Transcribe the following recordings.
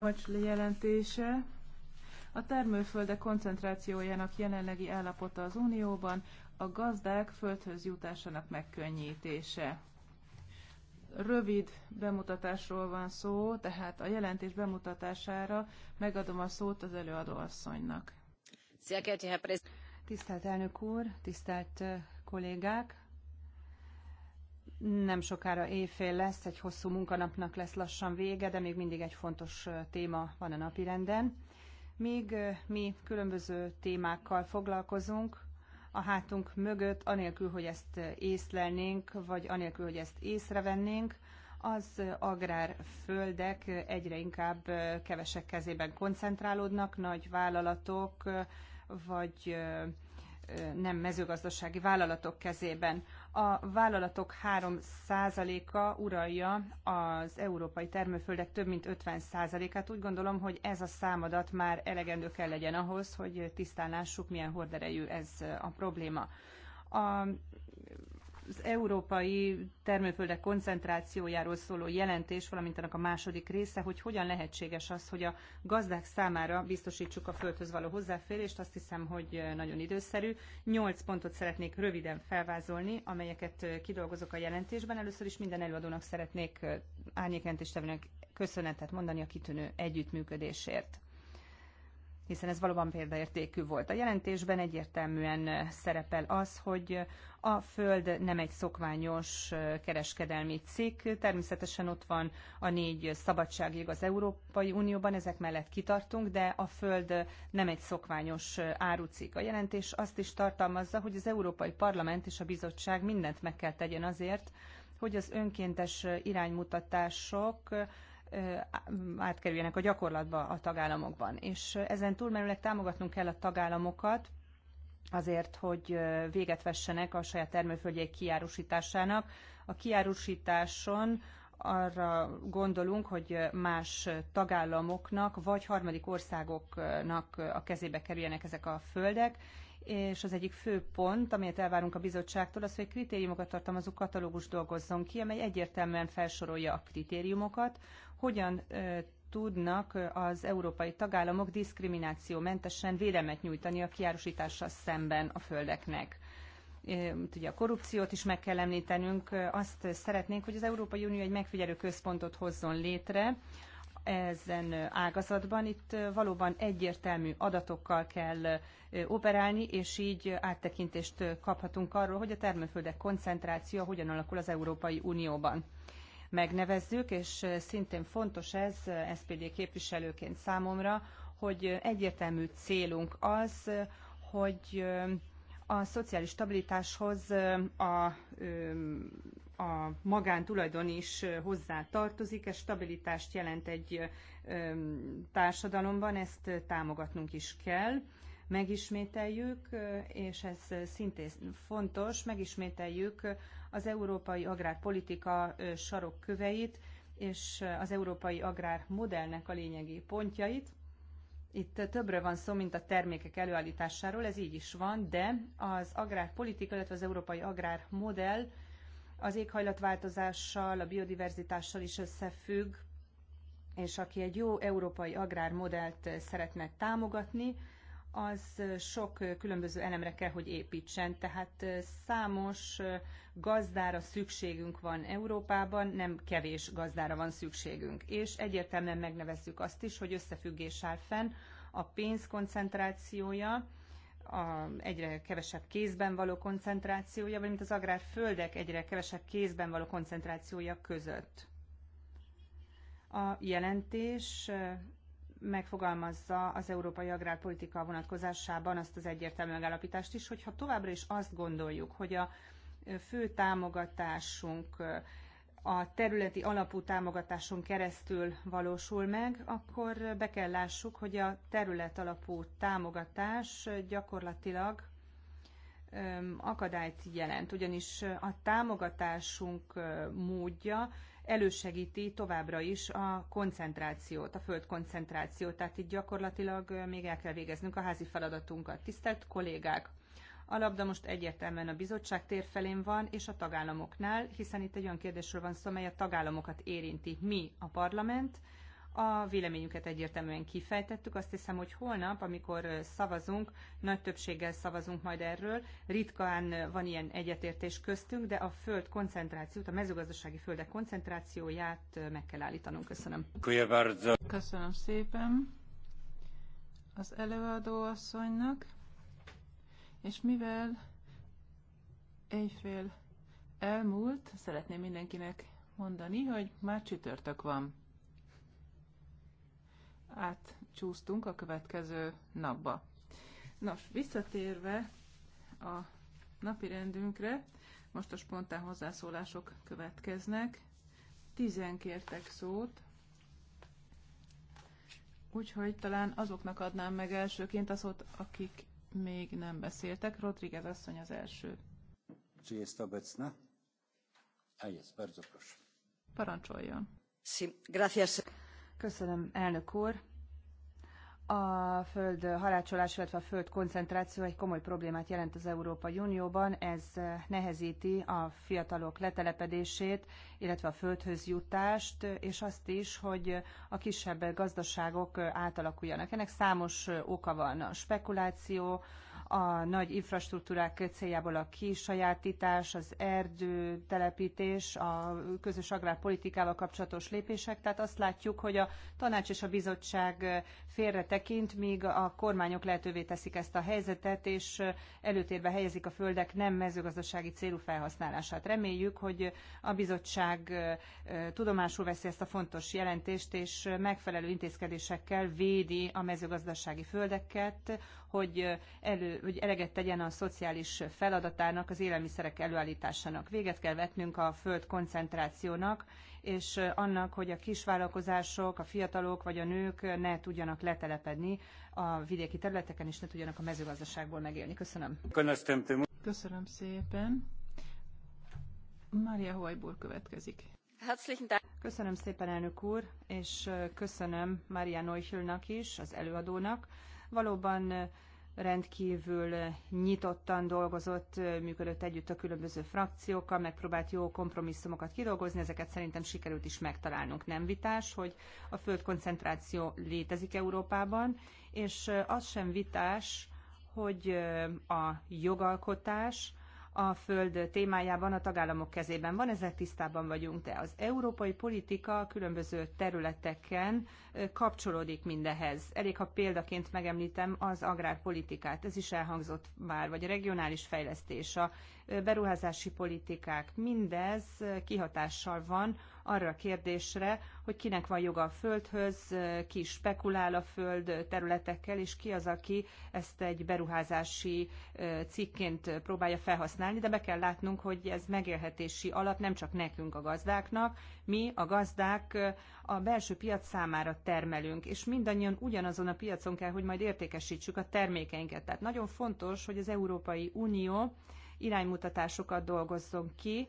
Macsli jelentése a termőföldek koncentrációjának jelenlegi állapota az Unióban, a gazdák földhöz jutásának megkönnyítése. Rövid bemutatásról van szó, tehát a jelentés bemutatására megadom a szót az előadó asszonynak. Hát tisztelt elnök úr, tisztelt kollégák! nem sokára éjfél lesz, egy hosszú munkanapnak lesz lassan vége, de még mindig egy fontos téma van a napirenden. Míg mi különböző témákkal foglalkozunk, a hátunk mögött, anélkül, hogy ezt észlelnénk, vagy anélkül, hogy ezt észrevennénk, az agrárföldek egyre inkább kevesek kezében koncentrálódnak, nagy vállalatok, vagy nem mezőgazdasági vállalatok kezében a vállalatok 3%-a uralja az európai termőföldek több mint 50%-át. Úgy gondolom, hogy ez a számadat már elegendő kell legyen ahhoz, hogy tisztán lássuk, milyen horderejű ez a probléma. A az európai termőföldek koncentrációjáról szóló jelentés, valamint annak a második része, hogy hogyan lehetséges az, hogy a gazdák számára biztosítsuk a földhöz való hozzáférést, azt hiszem, hogy nagyon időszerű. Nyolc pontot szeretnék röviden felvázolni, amelyeket kidolgozok a jelentésben. Először is minden előadónak szeretnék árnyékjelentéstevőnek köszönetet mondani a kitűnő együttműködésért hiszen ez valóban példaértékű volt. A jelentésben egyértelműen szerepel az, hogy a föld nem egy szokványos kereskedelmi cikk. Természetesen ott van a négy szabadságig az Európai Unióban, ezek mellett kitartunk, de a föld nem egy szokványos árucikk. A jelentés azt is tartalmazza, hogy az Európai Parlament és a Bizottság mindent meg kell tegyen azért, hogy az önkéntes iránymutatások átkerüljenek a gyakorlatba a tagállamokban. És ezen túlmenőleg támogatnunk kell a tagállamokat, azért, hogy véget vessenek a saját termőföldjeik kiárusításának. A kiárusításon arra gondolunk, hogy más tagállamoknak vagy harmadik országoknak a kezébe kerüljenek ezek a földek, és az egyik fő pont, amelyet elvárunk a bizottságtól, az, hogy kritériumokat tartalmazó katalógus dolgozzon ki, amely egyértelműen felsorolja a kritériumokat, hogyan tudnak az európai tagállamok diszkriminációmentesen védelmet nyújtani a kiárusítással szemben a földeknek ugye a korrupciót is meg kell említenünk, azt szeretnénk, hogy az Európai Unió egy megfigyelő központot hozzon létre, ezen ágazatban. Itt valóban egyértelmű adatokkal kell operálni, és így áttekintést kaphatunk arról, hogy a termőföldek koncentráció hogyan alakul az Európai Unióban. Megnevezzük, és szintén fontos ez SPD képviselőként számomra, hogy egyértelmű célunk az, hogy a szociális stabilitáshoz a a magántulajdon is hozzá tartozik, ez stabilitást jelent egy társadalomban, ezt támogatnunk is kell. Megismételjük, és ez szintén fontos, megismételjük az európai agrárpolitika sarokköveit és az európai agrármodellnek a lényegi pontjait. Itt többre van szó, mint a termékek előállításáról, ez így is van, de az agrárpolitika, illetve az európai agrármodell az éghajlatváltozással, a biodiverzitással is összefügg, és aki egy jó európai agrármodellt szeretne támogatni, az sok különböző elemre kell, hogy építsen. Tehát számos gazdára szükségünk van Európában, nem kevés gazdára van szükségünk. És egyértelműen megnevezzük azt is, hogy összefüggés áll fenn a pénz koncentrációja, a egyre kevesebb kézben való koncentrációja, vagy mint az agrárföldek egyre kevesebb kézben való koncentrációja között. A jelentés megfogalmazza az európai agrárpolitika vonatkozásában azt az egyértelmű megállapítást is, hogyha továbbra is azt gondoljuk, hogy a fő támogatásunk a területi alapú támogatáson keresztül valósul meg, akkor be kell lássuk, hogy a terület alapú támogatás gyakorlatilag akadályt jelent, ugyanis a támogatásunk módja elősegíti továbbra is a koncentrációt, a föld koncentrációt, tehát itt gyakorlatilag még el kell végeznünk a házi feladatunkat. Tisztelt kollégák! A labda most egyértelműen a bizottság térfelén van, és a tagállamoknál, hiszen itt egy olyan kérdésről van szó, mely a tagállamokat érinti. Mi, a parlament, a véleményünket egyértelműen kifejtettük. Azt hiszem, hogy holnap, amikor szavazunk, nagy többséggel szavazunk majd erről. Ritkán van ilyen egyetértés köztünk, de a föld koncentrációt, a mezőgazdasági földek koncentrációját meg kell állítanunk. Köszönöm. Köszönöm szépen az előadó asszonynak. És mivel éjfél elmúlt, szeretném mindenkinek mondani, hogy már csütörtök van. Átcsúsztunk a következő napba. Nos, visszatérve a napi rendünkre, most a spontán hozzászólások következnek. Tizen kértek szót, úgyhogy talán azoknak adnám meg elsőként a szót, akik még nem beszéltek. Rodríguez asszony az első. Czy jest obecna? A jest, bardzo proszę. Parancsoljon. Sí, gracias. Köszönöm, elnök úr. A föld harácsolás, illetve a föld koncentráció egy komoly problémát jelent az Európai Unióban. Ez nehezíti a fiatalok letelepedését, illetve a földhöz jutást, és azt is, hogy a kisebb gazdaságok átalakuljanak. Ennek számos oka van. A spekuláció, a nagy infrastruktúrák céljából a kisajátítás, az erdő telepítés, a közös agrárpolitikával kapcsolatos lépések. Tehát azt látjuk, hogy a tanács és a bizottság félre tekint, míg a kormányok lehetővé teszik ezt a helyzetet, és előtérbe helyezik a földek nem mezőgazdasági célú felhasználását. Reméljük, hogy a bizottság tudomásul veszi ezt a fontos jelentést, és megfelelő intézkedésekkel védi a mezőgazdasági földeket, hogy elő hogy eleget tegyen a szociális feladatának, az élelmiszerek előállításának. Véget kell vetnünk a föld koncentrációnak, és annak, hogy a kisvállalkozások, a fiatalok vagy a nők ne tudjanak letelepedni a vidéki területeken, és ne tudjanak a mezőgazdaságból megélni. Köszönöm. Köszönöm szépen. Mária Hajból következik. Köszönöm szépen, elnök úr, és köszönöm Mária Neuchlnak is, az előadónak. Valóban rendkívül nyitottan dolgozott, működött együtt a különböző frakciókkal, megpróbált jó kompromisszumokat kidolgozni, ezeket szerintem sikerült is megtalálnunk. Nem vitás, hogy a földkoncentráció létezik Európában, és az sem vitás, hogy a jogalkotás a föld témájában a tagállamok kezében van, ezzel tisztában vagyunk, de az európai politika különböző területeken kapcsolódik mindehez. Elég, ha példaként megemlítem az agrárpolitikát, ez is elhangzott már, vagy a regionális fejlesztés, a beruházási politikák, mindez kihatással van arra a kérdésre, hogy kinek van joga a földhöz, ki spekulál a föld területekkel, és ki az, aki ezt egy beruházási cikként próbálja felhasználni, de be kell látnunk, hogy ez megélhetési alap nem csak nekünk a gazdáknak, mi a gazdák a belső piac számára termelünk, és mindannyian ugyanazon a piacon kell, hogy majd értékesítsük a termékeinket. Tehát nagyon fontos, hogy az Európai Unió iránymutatásokat dolgozzon ki,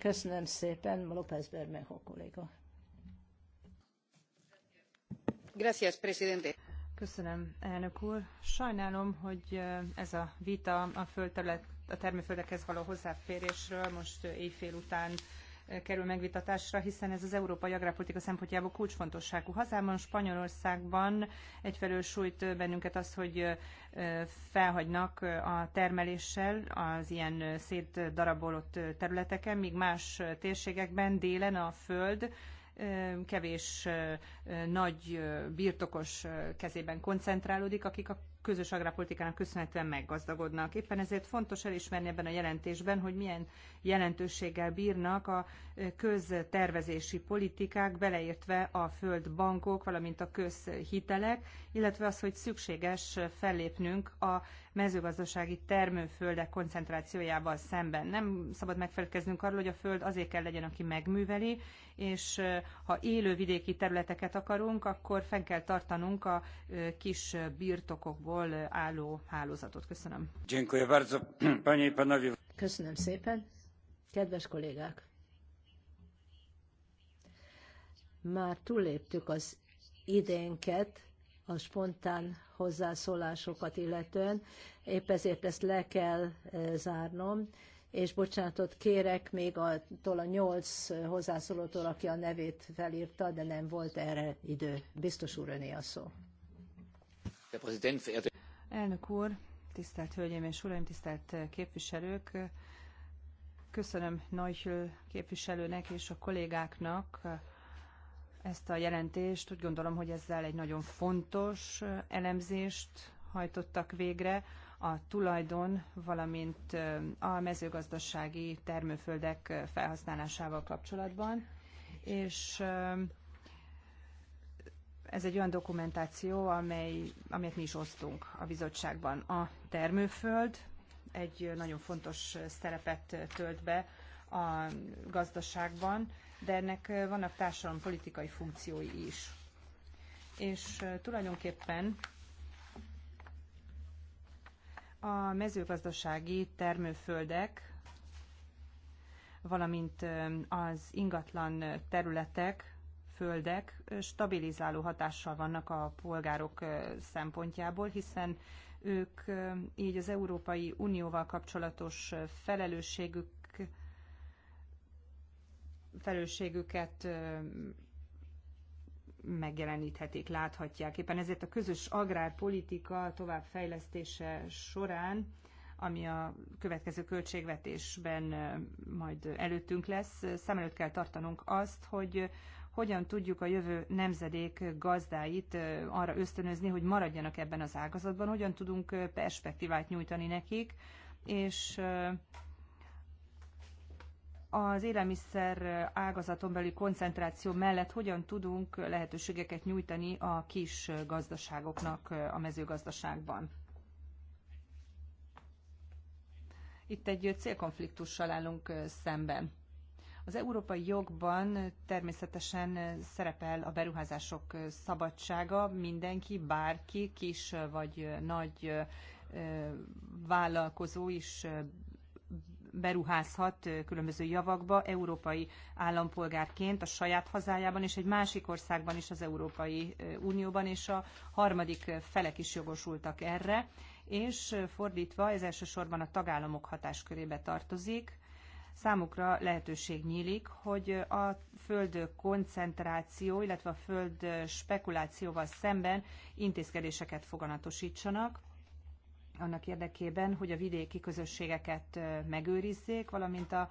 Köszönöm szépen, López Bermejo kolléga. Gracias, presidente. Köszönöm, elnök úr. Sajnálom, hogy ez a vita a, földterület, a termőföldekhez való hozzáférésről most éjfél után kerül megvitatásra, hiszen ez az európai agrárpolitika szempontjából kulcsfontosságú. Hazában, Spanyolországban egyfelől sújt bennünket az, hogy felhagynak a termeléssel az ilyen szétdarabolott területeken, míg más térségekben délen a föld kevés nagy birtokos kezében koncentrálódik, akik a közös agrárpolitikának köszönhetően meggazdagodnak. Éppen ezért fontos elismerni ebben a jelentésben, hogy milyen jelentőséggel bírnak a köztervezési politikák, beleértve a földbankok, valamint a közhitelek, illetve az, hogy szükséges fellépnünk a mezőgazdasági termőföldek koncentrációjával szemben. Nem szabad megfelelkeznünk arról, hogy a föld azért kell legyen, aki megműveli, és ha élő vidéki területeket akarunk, akkor fenn kell tartanunk a kis birtokokból szempontból álló hálózatot. Köszönöm. Köszönöm szépen. Kedves kollégák! Már túlléptük az idénket, a spontán hozzászólásokat illetően, épp ezért ezt le kell e, zárnom, és bocsánatot kérek még attól a nyolc hozzászólótól, aki a nevét felírta, de nem volt erre idő. Biztos úr, öné a szó. Elnök úr, tisztelt Hölgyeim és Uraim, tisztelt képviselők! Köszönöm Neuchel képviselőnek és a kollégáknak ezt a jelentést. Úgy gondolom, hogy ezzel egy nagyon fontos elemzést hajtottak végre a tulajdon, valamint a mezőgazdasági termőföldek felhasználásával kapcsolatban. És ez egy olyan dokumentáció, amely, amelyet mi is osztunk a bizottságban. A termőföld egy nagyon fontos szerepet tölt be a gazdaságban, de ennek vannak társadalompolitikai funkciói is. És tulajdonképpen a mezőgazdasági termőföldek, valamint az ingatlan területek földek stabilizáló hatással vannak a polgárok szempontjából, hiszen ők így az Európai Unióval kapcsolatos felelősségük felelősségüket megjeleníthetik, láthatják. Éppen ezért a közös agrárpolitika továbbfejlesztése során, ami a következő költségvetésben majd előttünk lesz, szem előtt kell tartanunk azt, hogy hogyan tudjuk a jövő nemzedék gazdáit arra ösztönözni, hogy maradjanak ebben az ágazatban, hogyan tudunk perspektívát nyújtani nekik, és az élelmiszer ágazaton belüli koncentráció mellett hogyan tudunk lehetőségeket nyújtani a kis gazdaságoknak a mezőgazdaságban. Itt egy célkonfliktussal állunk szemben. Az európai jogban természetesen szerepel a beruházások szabadsága, mindenki, bárki, kis vagy nagy vállalkozó is beruházhat különböző javakba európai állampolgárként a saját hazájában és egy másik országban is az Európai Unióban, és a harmadik felek is jogosultak erre, és fordítva ez elsősorban a tagállamok hatáskörébe tartozik, számukra lehetőség nyílik, hogy a föld koncentráció, illetve a föld spekulációval szemben intézkedéseket foganatosítsanak, annak érdekében, hogy a vidéki közösségeket megőrizzék, valamint a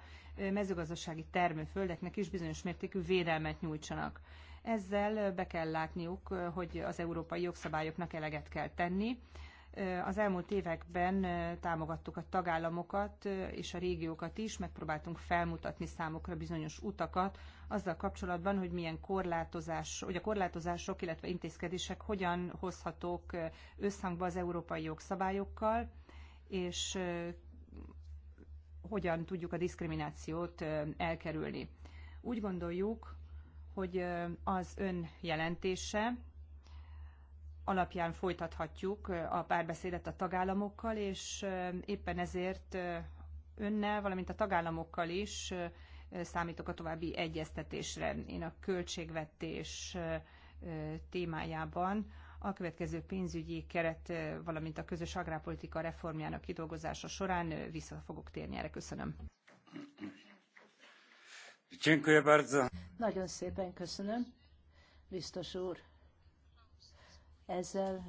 mezőgazdasági termőföldeknek is bizonyos mértékű védelmet nyújtsanak. Ezzel be kell látniuk, hogy az európai jogszabályoknak eleget kell tenni, az elmúlt években támogattuk a tagállamokat és a régiókat is, megpróbáltunk felmutatni számokra bizonyos utakat azzal kapcsolatban, hogy milyen korlátozás, hogy a korlátozások, illetve intézkedések hogyan hozhatók összhangba az európai jogszabályokkal, és hogyan tudjuk a diszkriminációt elkerülni. Úgy gondoljuk, hogy az ön jelentése alapján folytathatjuk a párbeszédet a tagállamokkal, és éppen ezért önnel, valamint a tagállamokkal is számítok a további egyeztetésre. Én a költségvetés témájában a következő pénzügyi keret, valamint a közös agrárpolitika reformjának kidolgozása során vissza fogok térni erre. Köszönöm. Nagyon szépen köszönöm, biztos úr ezzel